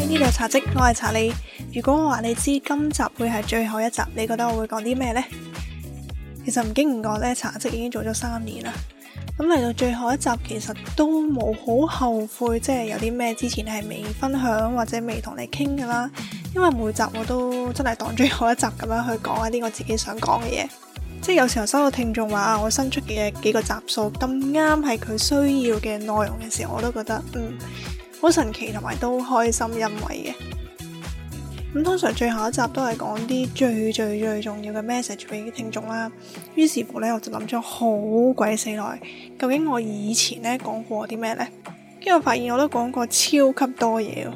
呢度茶嘖，我係查理。如果我話你知今集會係最後一集，你覺得我會講啲咩呢？其實唔經唔覺咧，茶嘖已經做咗三年啦。咁嚟到最後一集，其實都冇好後悔，即係有啲咩之前係未分享或者未同你傾噶啦。因為每集我都真係當最後一集咁樣去講啊，啲我自己想講嘅嘢。即係有時候收到聽眾話啊，我新出嘅幾個集數咁啱係佢需要嘅內容嘅時候，我都覺得嗯。好神奇同埋都開心欣慰嘅。咁通常最後一集都係講啲最最最重要嘅 message 俾啲聽眾啦。於是乎呢，我就諗咗好鬼死耐，究竟我以前呢講過啲咩呢？因為我發現我都講過超級多嘢，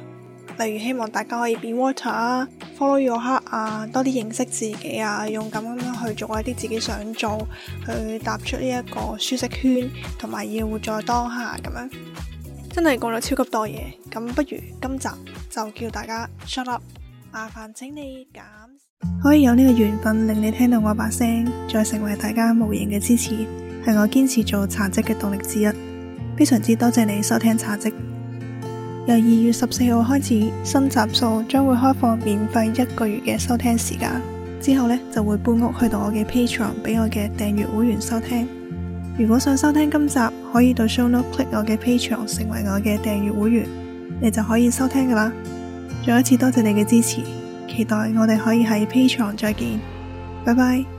例如希望大家可以變 water 啊，follow your heart 啊，多啲認識自己啊，勇敢咁樣去做一啲自己想做，去踏出呢一個舒適圈，同埋要活在當下咁樣。真係講咗超級多嘢，咁不如今集就叫大家 shut up，麻煩請你減。可以有呢個緣分令你聽到我把聲，再成為大家無形嘅支持，係我堅持做茶嘖嘅動力之一。非常之多謝你收聽茶嘖。由二月十四號開始，新集數將會開放免費一個月嘅收聽時間，之後呢就會搬屋去到我嘅 Patreon，俾我嘅訂閱會員收聽。如果想收聽今集，可以到 ShowNote click 我嘅 Patreon 成為我嘅訂閱會員，你就可以收聽噶啦。再一次多謝你嘅支持，期待我哋可以喺 Patreon 再見，拜拜。